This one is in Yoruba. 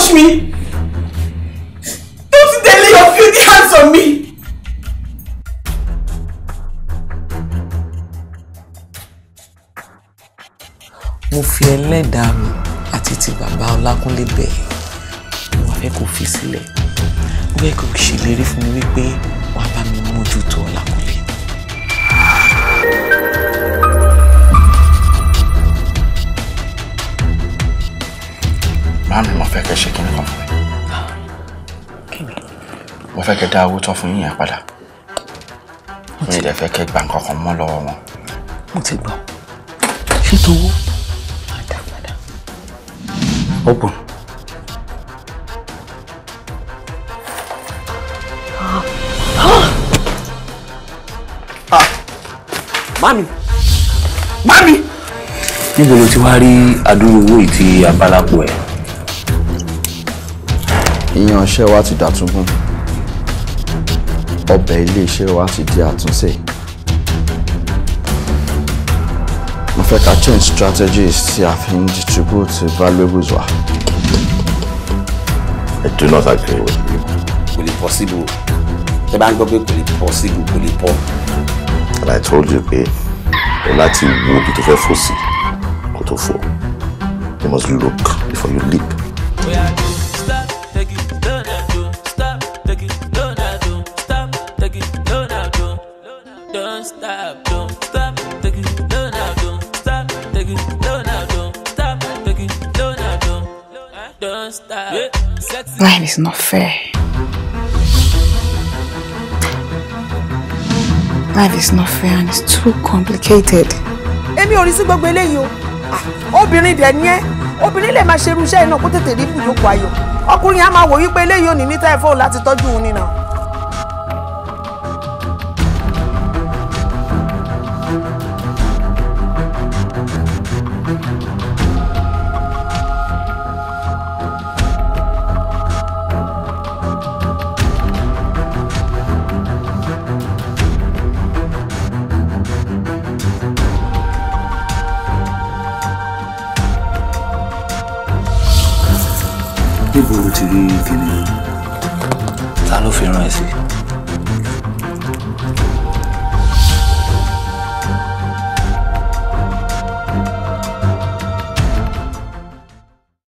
touch me! Don't dare lay your filthy hands on me! mo fi ẹlẹ́dàá mi àti ti bàbá Ọlákúnlé bẹ̀ẹ́ mo wá fẹ́ kó fi sílẹ̀ mo fẹ́ kó ṣèlérí fún mi wípé fẹ́ kẹ́ ṣe kíní kan fún mi. mo fẹ́ kẹ́ dá owó tán fún yín yẹn padà mi ì dẹ̀ fẹ́ kẹ́ gba nǹkan kan mọ́ lọ́wọ́ wọn. mo ti gbọ́ ṣètò owó máa dá padà. ọgbọ̀n. Ah! Mami! Mami! Níbo ló ti wá rí àdúrà owó ìtì abálápò ẹ̀? ìyanṣẹ́ wa ti dàtúngún ọbẹ̀ iléeṣẹ́ wa ti di àtúnṣe mo fẹ́ ka change strategies tí a fi ń distribute valuables wa. I do not agree with you. kò lè possible tẹ bá ń gbọ́ pé kò lè possible kò lè pọ̀. and I told you pé o láti wo ibi tó fẹ́ fò sí kó tó fò you must look before you leap. Oh, yeah. stop, don't stop, take it low now, don't stop, take it low now, don't stop, take it low now, don't don't stop. Life is not fair. Life is not fair and it's too complicated. Emi ori rí sí gbogbo eléyìí o. Ah, obìnrin dẹ̀ ni ẹ́. Obìnrin lè máa ṣerú iṣẹ́ iná kó tètè rí ibùjókòó ayọ̀. Ọkùnrin á máa wò wípé eléyìí ò ní ní táìfọ́ọ̀ láti tọ́jú òun na. níbo ló ti rí kíni ta ló fi rán ẹ sí.